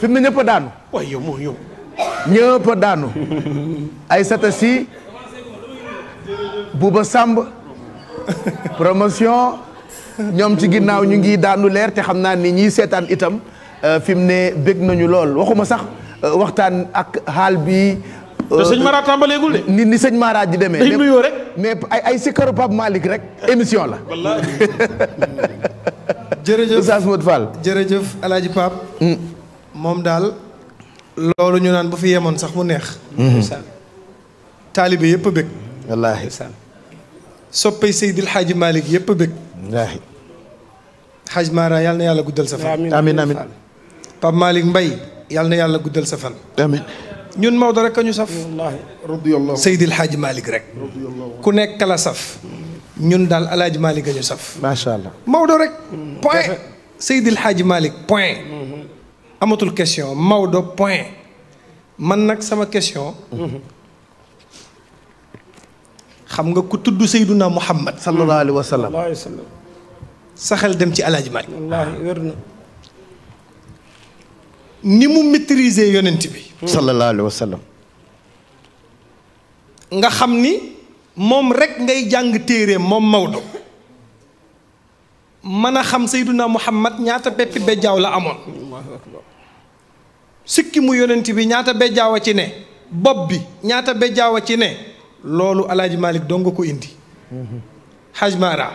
fi mu ne ñëpp a daanu. waaye satasi mooy sàmb ñëpp promotion ñoom ci ginnaaw ñu ngi daanu leer te xam naa ni ñiy seetaan itam euh, fi mu ne bëgg nañu lool waxuma sax euh, waxtaan ak xaal bi. Euh, te sëñ Mara tàmbaleegul de. ni sëñ maraaj ji demee. dañ mais ay ay sikkaru Pape rek émission la. wallaahi. jërëjëf Oustaz Modou mom dal lolu ñu naan bu fi yemon sax mu neex. talibé yëpp a wallahi sal soppay Seydil Xaaji malik yëpp a bëgg. wallaahi. Xaaj Mara yal na yàlla guddal sa fan. amin amiin Pape Malick Mbaye yal na yàlla guddal sa fan. amiin. ñun mawdo rek ñu saf. wallahi wallaahi Seydil Xaaji malik rek. ku nekk la saf. ñun dal Alaaji Malick a ñu saf. ma sha allah mawdo rek. point Seydil Xaaji Malick point. amatul question Maodo point man nag sama question. xam nga ku tudd Seyduna Muhammad. sallallahu alayhi wa sallam. sa xel dem ci Alaaji Maalik. wallaahi wér ni mu maîtriser yonent bi. sallallahu alayhi nga xam ni moom rek ngay jàng téere moom Maodo. من خم سيدنا محمد نياتا بيبي بيجاو لا أمون سكي مو يوننتي بي نياتا بيجاو تي بوبي نياتا بيجاو تي ني لولو الحاج مالك دونغو كو اندي حاج مارا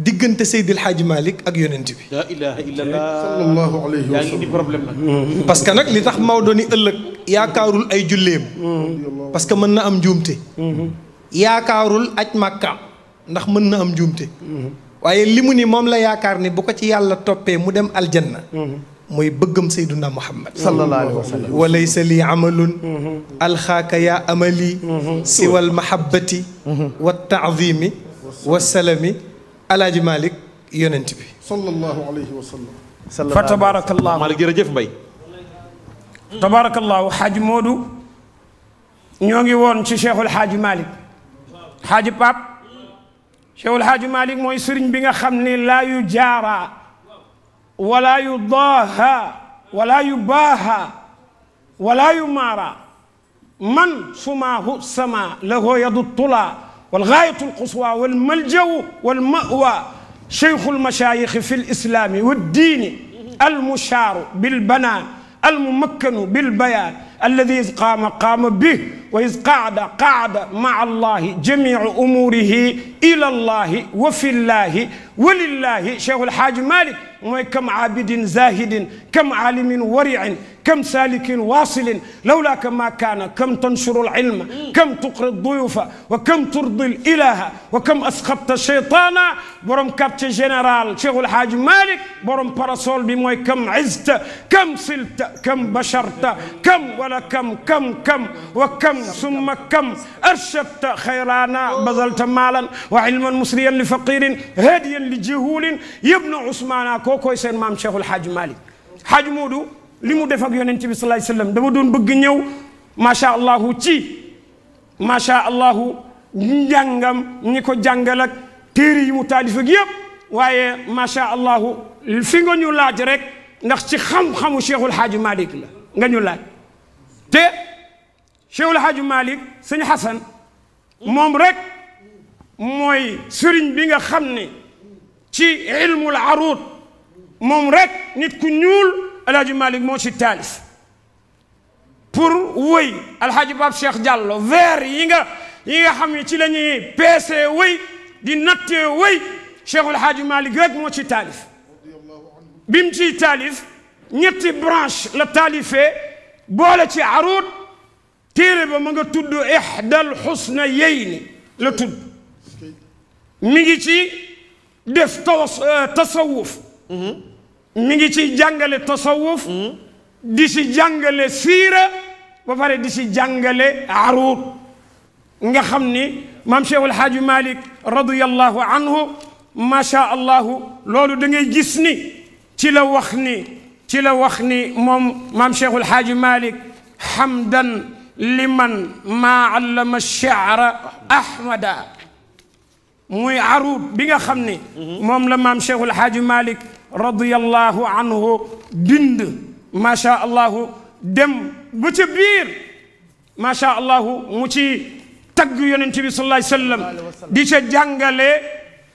ديغنت سيد الحاج مالك اك يوننتي بي لا اله الا الله صلى الله عليه وسلم يعني دي بروبليم باسكو نك لي تخ ماودوني الك يا كارول اي جوليم باسكو من ام جومتي يا كارول اج مكه نخ من ام جومتي waye limu ni mom la yaakaar ni bu ko ci yàlla topé mu dem aljanna moy beugum sayyiduna muhammad sallallahu alaihi wasallam wa laysa li amalun alxaaka ya amali siwal mahabbati wa ta'zimi wa salami alaaji malik yonent bi sallallahu alaihi wasallam fa tabarakallah mal malik jef mbay tabarakallah haj moodu ñogi won ci cheikhul haj malik haj pap شيخ الحاج مالك موي سيرن بيغا خامني لا يجارا ولا يضاها ولا يباها ولا يمارا من سماه السماء له يد الطلا والغايه القصوى والملجا والمأوى شيخ المشايخ في الاسلام والدين المشار بالبنان الممكن بالبيان الذي إذ قام قام به وإذ قعد قعد مع الله جميع أموره إلى الله وفي الله ولله شيخ الحاج مالك كم عابد زاهد كم عالم ورع كم سالك واصل لولاك ما كان كم تنشر العلم كم تقري الضيوف وكم ترضي الإله وكم أسقطت الشيطان بروم كابتش جنرال شيخ الحاج مالك بروم باراسول بموي كم عزت كم صلت كم بشرت كم ولا كم كم كم وكم ثم كم أرشدت خيرانا بذلت مالا وعلما مسريا لفقير هاديا لجهول ابن عثمان كو كوي سين مام شيخ الحاج مالك حاج مودو ليمو ديف اك يونت بي صلى الله عليه وسلم دا بدون بغ نيو ما شاء الله تي ما شاء الله نجانغام نيكو جانغالك تيري يمو تاليف اك ييب وايي ما شاء الله فيغو نيو لاج ريك ناخ سي خم خمو شيخ الحاج مالك لا nga ñu laaj te cheikhul hadj malik seigne hassan mom rek moy serigne bi nga xamne تي علم العروض ممرك رك نيت كو نيول الحاج مالك مو تالف بور وي الحاج باب شيخ جالو فير ييغا ييغا خامي تي لا ني بيسي وي دي نتي وي شيخ الحاج مالك رك مو سي تالف بيم تي تالف نتي برانش لا تاليفي بوله تي عروض تيري با تدو احدى الحسنيين لتدو تود تي def tasawuf mi ngi ci jàngale tasawuf di ci jàngale sira ba pare di ci jàngale aruut nga xamni mam maam Cheikh El Hadj Malick radiyallahu anhu ma sha allah loolu da ngay gis ni ci la wax ni ci la wax ni mom mam Cheikh El Hadj Malick hamdan liman ma allama ash shi'ra ahmada موي عروض بيغا خامني موم لا مام شيخ الحاج مالك رضي الله عنه بند ما شاء الله دم بوتي بير ما شاء الله موتي تاغ يونتي صلى الله عليه وسلم دي سا جانغالي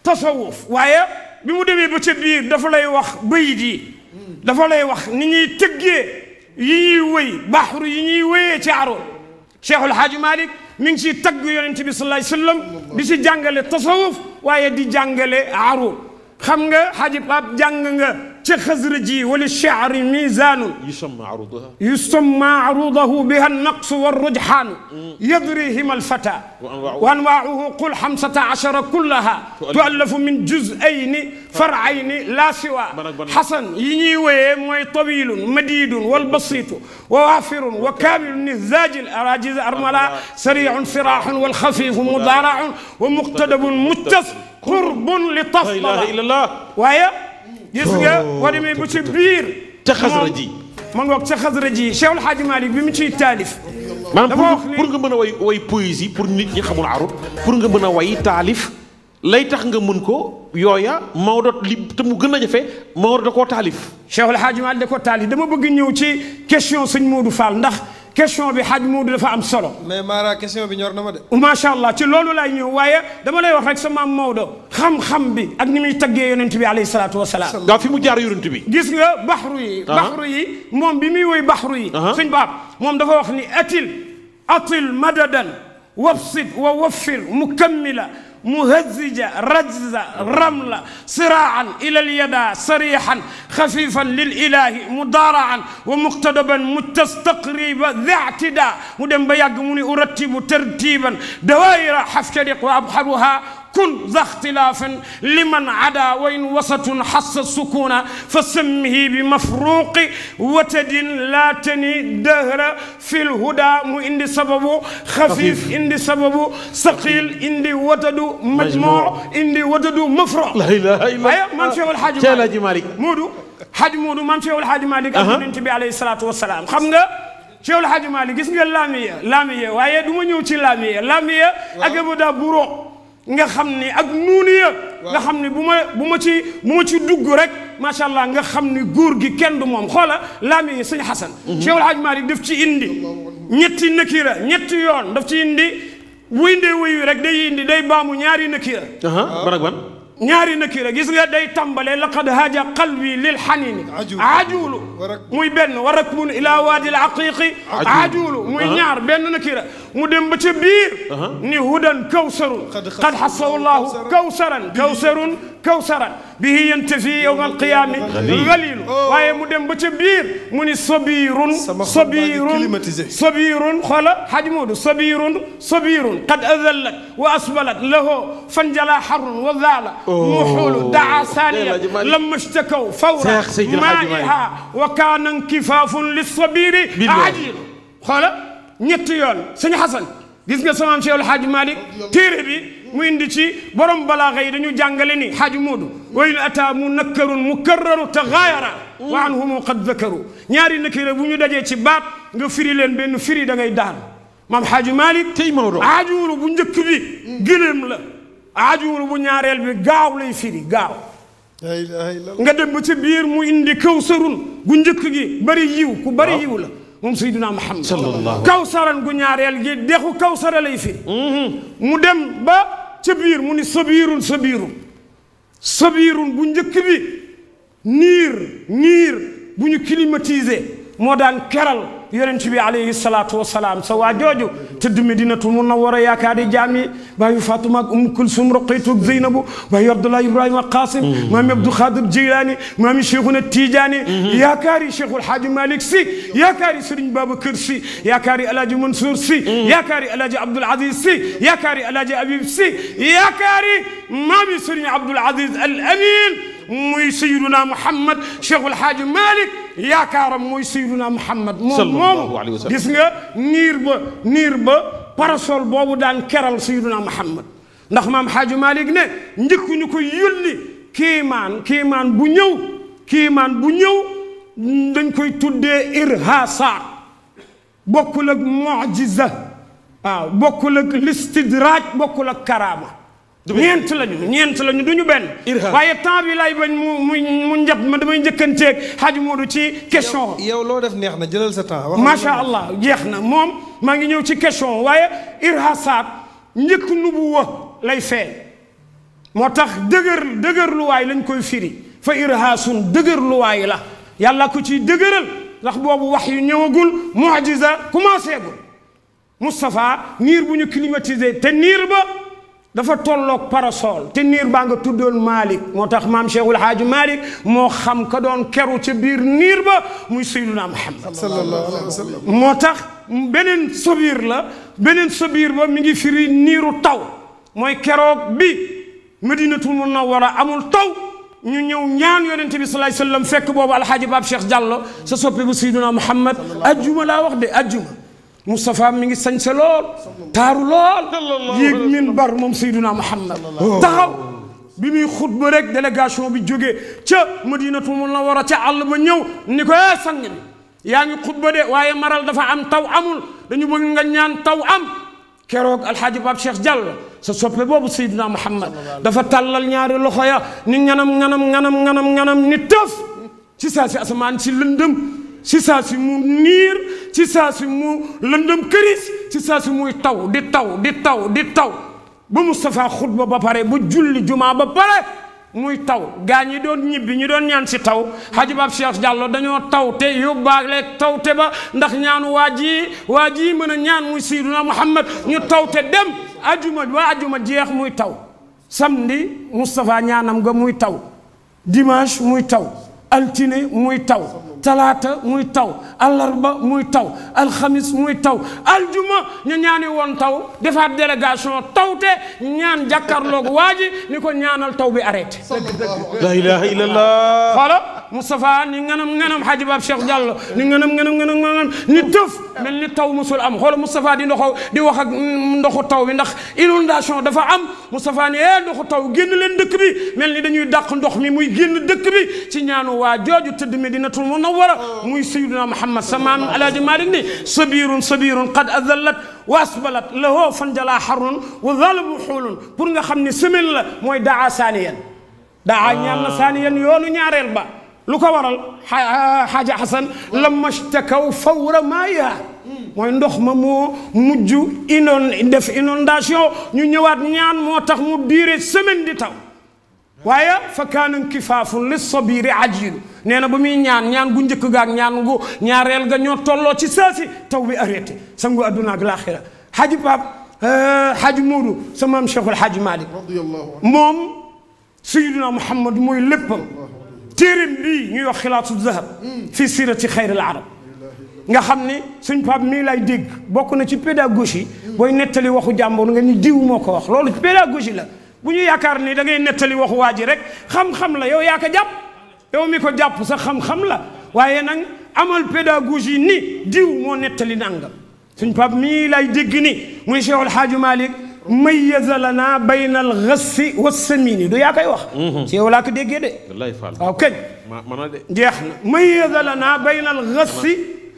تصوف وايا بيمو ديمي بوتي بير دا فلاي واخ بيدي دا فلاي واخ ني ني تيغي يي وي بحر يي ني وي تي عروض شيخ الحاج مالك mi ngi ciy tagg yonent bi sallallahu alayhi wasallam di ci jàngale tasawuf waaye di jàngale aru xam nga xaji Pape jàng nga تخزرجي وللشعر ميزان يسمى عروضها يسمى عروضه بها النقص والرجحان يضريهما الفتى وأنواعه, قل خمسة عشر كلها تؤلف من جزئين فرعين لا سوى حسن ينيوي موي طويل مديد والبسيط ووافر وكامل نزاج الأراجز أرملا سريع صراح والخفيف مضارع ومقتدب متس قرب لطف لا إله إلا الله وهي gis nga boo demee ba ci biir. ca xasara ji ma ngoog ca xasara ji Cheikhul Hadji Malick bi mu ciy taalif. dafa wax maanaam pour nga mën a way way poésie pour nit ñi xamul arut pour nga mën a way taalif lay tax nga mën ko yooya Maodo li te mu gën a jafe Maodo da koo taalif. Cheikhul Hadji Malick da koo taalif dama bëgg ñëw ci question sëñ Modou Fall ndax. question bi xaj Moodu dafa am solo. mais Mara question bi ñor na ma de. macha allah ci loolu laay ñëw waaye dama lay wax rek sama maam Maodo. xam-xam bi ak ni muy taggee yonent bi alayhi salatu wa salaam. nga fi mu jaar yonent bi. gis nga baxru yi. baxru yi moom bi muy woy baxru yi. suñ baab moom dafa wax ni atil atil madadan wabsit wa waffir mukammila مهزجة رجزة رملة صراعا إلى اليدا صريحا خفيفا للإله مضارعا ومقتدبا متستقريبا ذا اعتداء مدن بيقمني أرتب ترتيبا دوائر حفترق وأبحرها كن ذا اختلاف لمن عدا وإن وسط حس السكون فسمه بمفروق وتد لا تني دهر في الهدى مو اندي سببه خفيف اندي سببه ثقيل اندي وتدو مجموع اندي وتدو مفروق لا اله الا الله أيوة، ما شاء الحاج مالك مالك مودو حاج مودو من شاء الحاج مالك النبي عليه الصلاه والسلام خمغا Cheikh Hadji Malick gis nga لاميه lamiya waaye du ma ñëw ci lamiya lamiya ak bu daa nga xam ni ak nuuniya nga xam ni bu ci bu ci dugg rek macha allah nga xam góor gi kenn du moom xoola laami yi sëñ xasan Cheikh Alhaaj Malick ci indi ñetti nakira ñetti yoon daf ci indi bu indee wuyu rek day indi day baamu ñaari nakira barak ban ñaari nakira gis nga day tàmbalee laqad haja qalbi lil xanini ajulu muy benn wa ila waadi al aqiqi ajulu muy ñaar benn nakira مدم بتبير نهودا كوسر قد حصل الله كوسرا كوسر كوسرا به ينتفي يوم القيامة غليل وهي مدم بتبير من صبير صبير صبير خلا حجم صبير صبير قد أذلت وأسبلت له فنجلا حر وذال محول دعا ثانيا لما اشتكوا فورا مائها وكان انكفاف للصبير عجيل خلا ñetti yoon sëñ Xasan gis nga sama maam Cheikh El Hadj Malick téere bi mu indi ci borom balaaxa yi dañu jàngale ni Hadj Moodu wayun ata mu nakkarun mu karraru te gaayara wa anhumu qad dakaru ñaari nakira bu ñu dajee ci baat nga firi leen benn firi da ngay daan maam Hadj Malick tey Maodo aajuwulu bu njëkk bi gëléem la aajuwulu bu ñaareel bi gaaw lay firi gaaw nga dem ba ca biir mu indi kaw sarun gu njëkk gi bari yiw ku bari yiw la moom Seydina Muhammad kawsaran gu ñaareel gi dexu kawsara lay firi mm-hmm. mu dem ba ca biir mu ni sabiirun sabiirun sabiirun bu njëkk bi niir niir bu ñu climatisé moo daan keral yonent bi alayhi salaatu wasalaam sa waa jooju tëdd Madinatul Munawwara yaakaari jaam yi baayu Fatuma ak Umm Kulsum Ruqaytu Zeynabu baayu Abdoulaye Ibrahima Qasim maami Abdou Khadir Jilani maami Cheikhuna Tidiane yaakaari Cheikhul Haaji Malick Sy yaakaari Serigne Babacar Sy yaakaari Alhaji Mansour Sy yakari Alhaji abdul Aziz Sy yakari Alhaji abib Sy yakari maami Serigne Abdoul Aziz Al Amin موي سيدنا محمد شيخ الحاج مالك يا كارم موي سيدنا محمد صلى الله عليه وسلم ديسغا نير با نير با باراسول بوبو دان كيرال سيدنا محمد ناخ مام حاج مالك ني نديكو نكو يولي كيمان كيمان بو نيو كيمان بو نيو دنجكاي تودي ارهاسا بوكول معجزه اه بوكول استدراج بوكول كرامه ñent lañu ñent lañu duñu benn waaye temps bi lay bañ mu mu ma damay njëkkanteeg xaaju Moodu ci question yow loo def neex na jëlal sa temps macha allah jeex na moom maa ngi ñëw ci question waaye irhasaat njëkk nubuwa lay feeñ moo tax dëgër dëgërluwaay lañ koy firi fa irhaasun dëgërluwaay la yàlla ko ciy dëgëral ndax boobu wax yu ñëwagul mujiza commencé gul Moustapha niir bu ñu climatisé te niir ba dafa tolok parasol te nir ba nga tudon malik motax mam maam Cheikhul Hadj malik mo xam ka don keru ci bir nir ba muy sayyiduna Muhammad sallallahu alaihi wasallam motax benen sobir la benen sobir ba mi ngi firi niru taw moy kero bi Madinatul Munawwara amul taw ñu ñëw ñaan yaronte bi sallallahu alaihi wasallam fekk bobu al alxaaji bab Cheikh Diallo sa soppi bu sayyiduna Muhammad ajjuma la wax de ajjuma Moustapha mi ngi sañse lool taaru lool yéeg min bar moom Seyduna Muhammad taxaw bi muy xutba rek délégation bi jógee ca Madinatu Munawwara ca àll ba ñëw ni ko ee sang bi yaa ngi xutba de waaye maral dafa am taw amul dañu bëgg nga ñaan taw am keroog alxaaji Pape Cheikh Diallo sa soppe boobu Seydina Muhammad dafa tàllal ñaari loxo ya ni nganam nganam nganam nganam nganam ni tëf ci saa si asamaan si lëndëm ci saa si mu niir ci saa si mu lëndëm këris ci saa si muy taw di taw di taw di taw ba Moustapha xutba ba pare ba julli jumaa ba pare muy taw gaa ñi doon ñibbi ñu doon ñaan si taw Haji Bab Cheikh dañoo taw te yóbbaale taw te ba ndax ñaanu waa ji waa ji mën a ñaan muy Seydina Muhammad ñu taw te dem ajuma waa ajuma jeex muy taw samedi Moustapha ñaanam nga muy taw dimanche muy taw altine muy taw talata muy taw alarba muy taw alxamis muy taw aljuma ñu ñaané won taw defaat délégation tawte ñaan jakarlo ak waji niko ñaanal taw bi arrêté la ilaha illallah xala mustafa ni nganam nganam Hadji Bab Cheikh Diallo ni nganam nganam nganam ni teuf melni taw musul am xol mustafa di ndoxo di wax ak ndoxu taw bi ndax inondation dafa am mustafa ni e ndoxu taw génn len dëkk bi melni dañuy dàq ndox mi muy génn dëkk bi ci ñaanu wa waa jooju medina Medinatul mo منورة موي سيدنا محمد سمام الأجي مالك ني صبير صبير قد أذلت وأسبلت له فنجلا حر وظلب حول pour nga xam ne semaine la mooy daa saaniyan daa ñaan na saaniyan yoonu ñaareel ba lu ko waral xaaja xasan lamma shtakaw fawra maaya mooy ndox ma moo mujj inon def inondation ñu ñëwaat ñaan moo tax mu diire semaine di taw waye fa kaanan kifaafun li sabiri ajilu nee na ba ñaan ñaan gu njëkk gaak ñaan gu ñaarel ga ñoo tollo ci saasi taw bi arrêté sangu aduna ak laaxira haji pap haji mudu sa maam Cheikhul haji Malik mom sayiduna Muhammad moy léppam téeréem bi ñu wax khilatul zahab fi sirati xayril arab nga xamni suñ pap mi lay deg bokku na ci pédagogie boy netali waxu jàmbur nga ni diw moko ko wax loolu pédagogie la buñu yakar ni da ngay netali waxu waji rek xam-xam la yow yaaka jàpp yow mi ko jàpp sa xam-xam la waye nak amal pédagogie ni diw mo netali nangam suñ pap mi lay deg ni muy Cheikh al Hadj malik ميز لنا بين الغص والسمين دو ياكاي واخ سي koy wax ci yow laa ko déggee de waaw kañ jeex na mayyaza lana bayna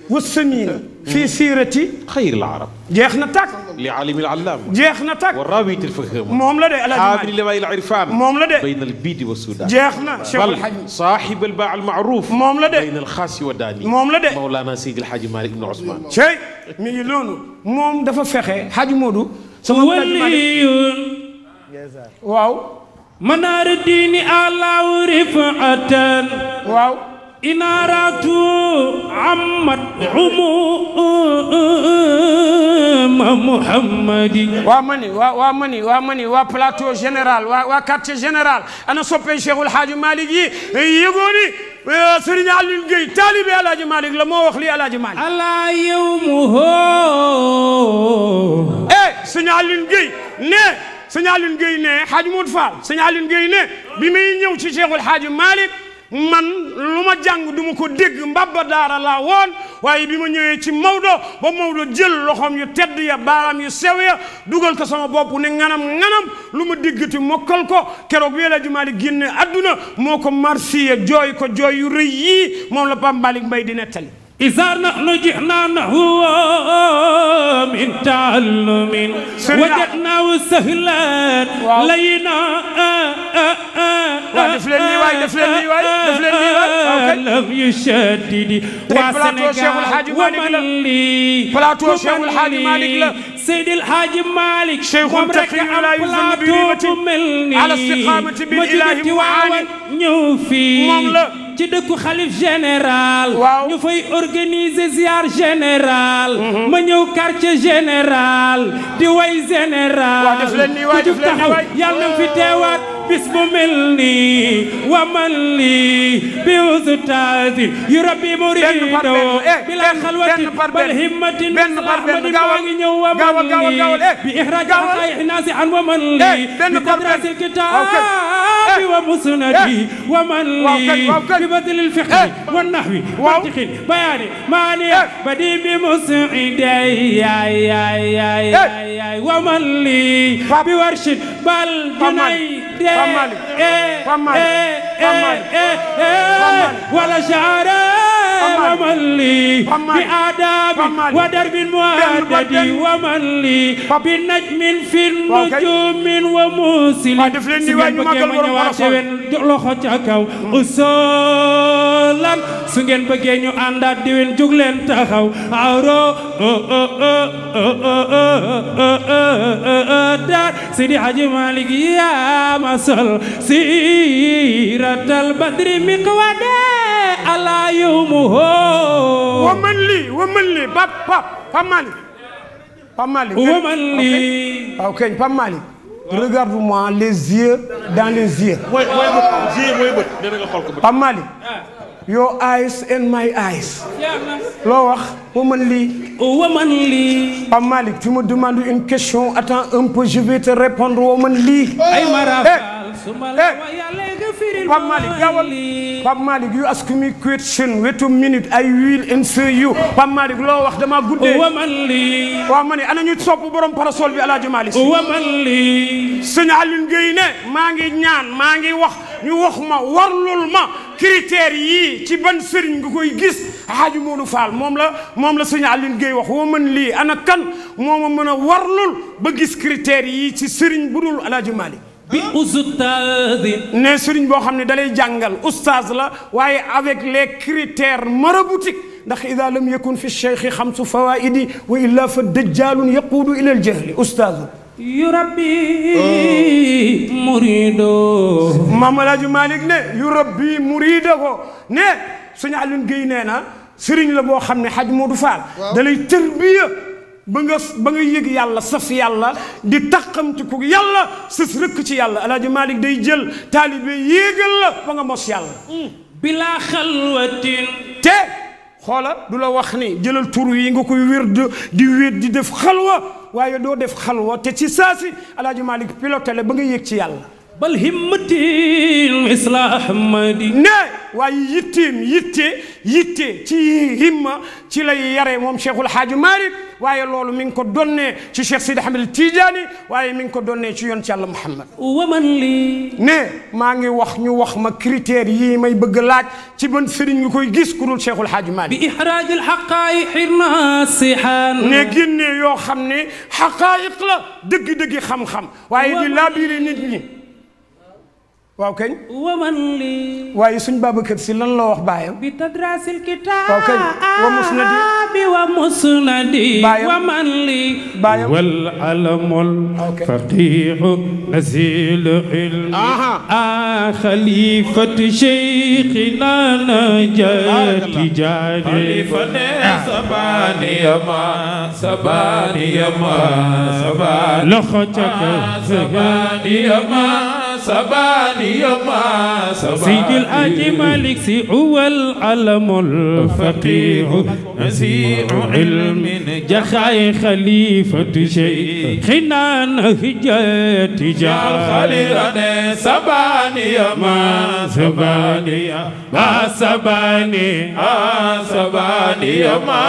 والسمين في سيرة خير العرب جيخنا تاك لعالم العلام جيخنا تاك والراوي تفهم مهم لدي حابر لواي العرفان مهم لدي بين البيد والسودان جيخنا بل صاحب الباع المعروف مهم لدي بين الخاص والداني مهم لدي مولانا سيد الحاج مالك بن عثمان شيء ميلون مهم دفا فخي حاج مودو سمع ولي واو منار الدين الله رفعة واو إن أردت عمت عموم محمد وامني وامني وامني وبلاتو جنرال وكارتي جنرال أنا صبي شيخ الحاج مالك يقولي Sëriñ Aliou Gueye taalibe El Hadj Malick la moo wax lii El Hadj Malick. ala yow mu hoo. eh sëñ Aliou Gueye ne sëñ Aliou Gueye ne Hadj Modou Fall sëñ Aliou Gueye ne bi muy ñëw ci Cheikhul Hadj Malick. man lu ma jàng du ko dégg mbabba daara laa woon waaye bi ma ñëwee ci Maodo ba Maodo jël loxoom yu tedd ya baaraam yu sew ya dugal ko sama bopp ne nganam nganam lu ma déggati mokkal ko keroog bi la li génne adduna moo ko marsiya jooy ko jooy yu rëy yii moom la Pape Malick di nettali إذا نحن جئنا نحو من تعلم وجدناه سهلا لينا def leen nii waay def leen nii waay def leen nii waay lam yushaddidi waa Sénégal wa man lii plateau Cheikhul Hadji Malick la Seydi El Hadji Malick moom rek am plateau bu mel nii ma jóge Tiwaawan ñëw fii ci dëkku xalif général ñu fay organiser ziar général ma ñëw quartier général di way général ku jub taxaw yàlla na fi teewaat bis bu mel nii wa man lii bi ustaasi yu rabbi murido bila eh, xalwati bal himmatin ahmadi maa ngi ñëw wa man lii eh, bi ixraaj xaqaayiq naasi an wa man lii eh, bi tadraasil kitaabi wa musnadi wa man lii bi badlil fiqhi wa nahwi mantiqin bayaani maani badi bi musnidayay wa man lii bi warshid bal junay فمالي فمالي فمالي ولا شعر ومن لي بآداب ودرب مهدد ومن لي بنجم في النجوم وموسل سيدنا بكي من يواتي لخوتك أسول lan su ngeen bëggee ñu àndaat diwin jug leen taxaw awro daat Sidi Haji Malik yaa ma sol siiratal badri mi ko wade ala yawmu hoo wa man li wa man li pap pap pap Malik pap Malik wa man li waaw keñ pap Malik regarde-moi les yeux dans les yeux mooy mooy bët mooy bët dina nga xool ko bët pap Malik your eyes and my eyes. loo womanly, womanly. lii. tu me demandes une question attends un peu je vais te répondre womanly. ay eh, Pape Malick gaawal Pape Malik you ask me question wait a minute I will answer you Pape Malik loo wax dama guddee waman li waaw ma ne ana ñu sopp borom parasol bi alaaji Malick waman li sëñ Alioune Gueye ne maa ngi ñaan maa ngi wax ñu wax ma warlul ma critères ci ban sëriñ nga koy gis Hadji Modou moom la moom la sëñ Alioune wax waman lii ana kan moo ma mën a warlul ba gis critères yii ci sëriñ bu dul alaaji bi ustaaz ne sëriñ boo xam ne dalay jàngal ustaaz la waaye avec les critères maraboutiques ndax ida lam yakun fi cheikhi xamsu fawaidi wa illa fa dajjalun yaquudu ila al jahli ustaazu yu rabbi murido maam Alaaji Malick ne yu rabbi murido ko ne suñu Alioune Guèye nee na sëriñ la boo xam ne xaj Modou Fall dalay tërbiya ba nga ba nga yëg yàlla saf yàlla di taxamti ku yàlla sës rëkk ci yàlla alaaji Malick day jël taalibe yéegal la ba nga mos yàlla bilaa xalwatin te xoola du la wax ni jëlal tur yi nga koy wér di wér di def xalwa waaye doo def xalwa te ci saasi si alaaji Malick piloté ba nga yéeg ci yàlla bal himmatil islah Ahmadi ne waaye yitteem yitte yitte ci himma ci lay yare moom Cheikhul Hadj Malick waaye loolu mi ngi ko donnee ci Cheikh Sidi Ahmed Tidiane waaye mi ngi ko donnee ci yoon ci Yàlla Muhammad waman li ne maa ngi wax ñu wax ma critères yii may bëgg laaj ci ban sëriñ ngi koy gis ku dul Cheikhul Hadj Malick bi ihraaj al haqaayiq nasihan ne génnee yoo xam ne xaqaayiq la dëgg-dëgg xam-xam waaye di laabiri nit ñi واو ومن لي واي سن باب كرسي لن لو واخ بتدرس الكتاب واو ومسندي ومسندي ومن لي والعلم الفقيه نزيل علم اها خليفة شيخنا نجات جاري خليفة سباني ما سباني ما سباني لخوتك سباني ما سباني ما سباني سيد الحاج مالك سي هو العلم الفقيه نزيع علم جخاي خليفة شيء خنان هجات جال خليلنا سباني ما سباني ما سباني ما سباني ما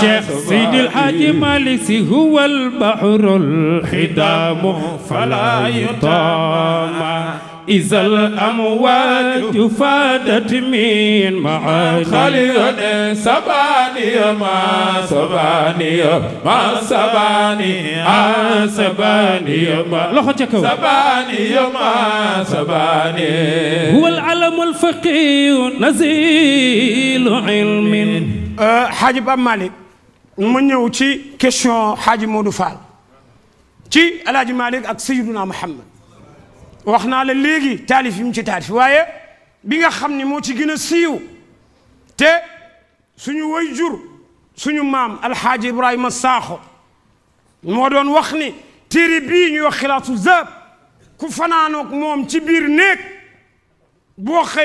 شيخ سيد الحاج مالك هو البحر الحدام فلا يطامع إذا الأموات فادت من معاني خالد سباني ما سباني ما سباني آه سباني ما سباني ما سباني هو العلم الفقير نزيل علم آه، حاج باب مالك من يوتي ci حاج xaaji Modou Fall ci El Hadj Malick ak wax naa la léegi taalif yi mu ci taalif waaye bi nga xam ni moo ci gën a siiw te suñu way jur suñu maam alxaaji ibrahima saaxo moo doon wax ni téere bii ñuy wax xilaatu zab ku fanaanoog moom ci biir néeg boo xëyee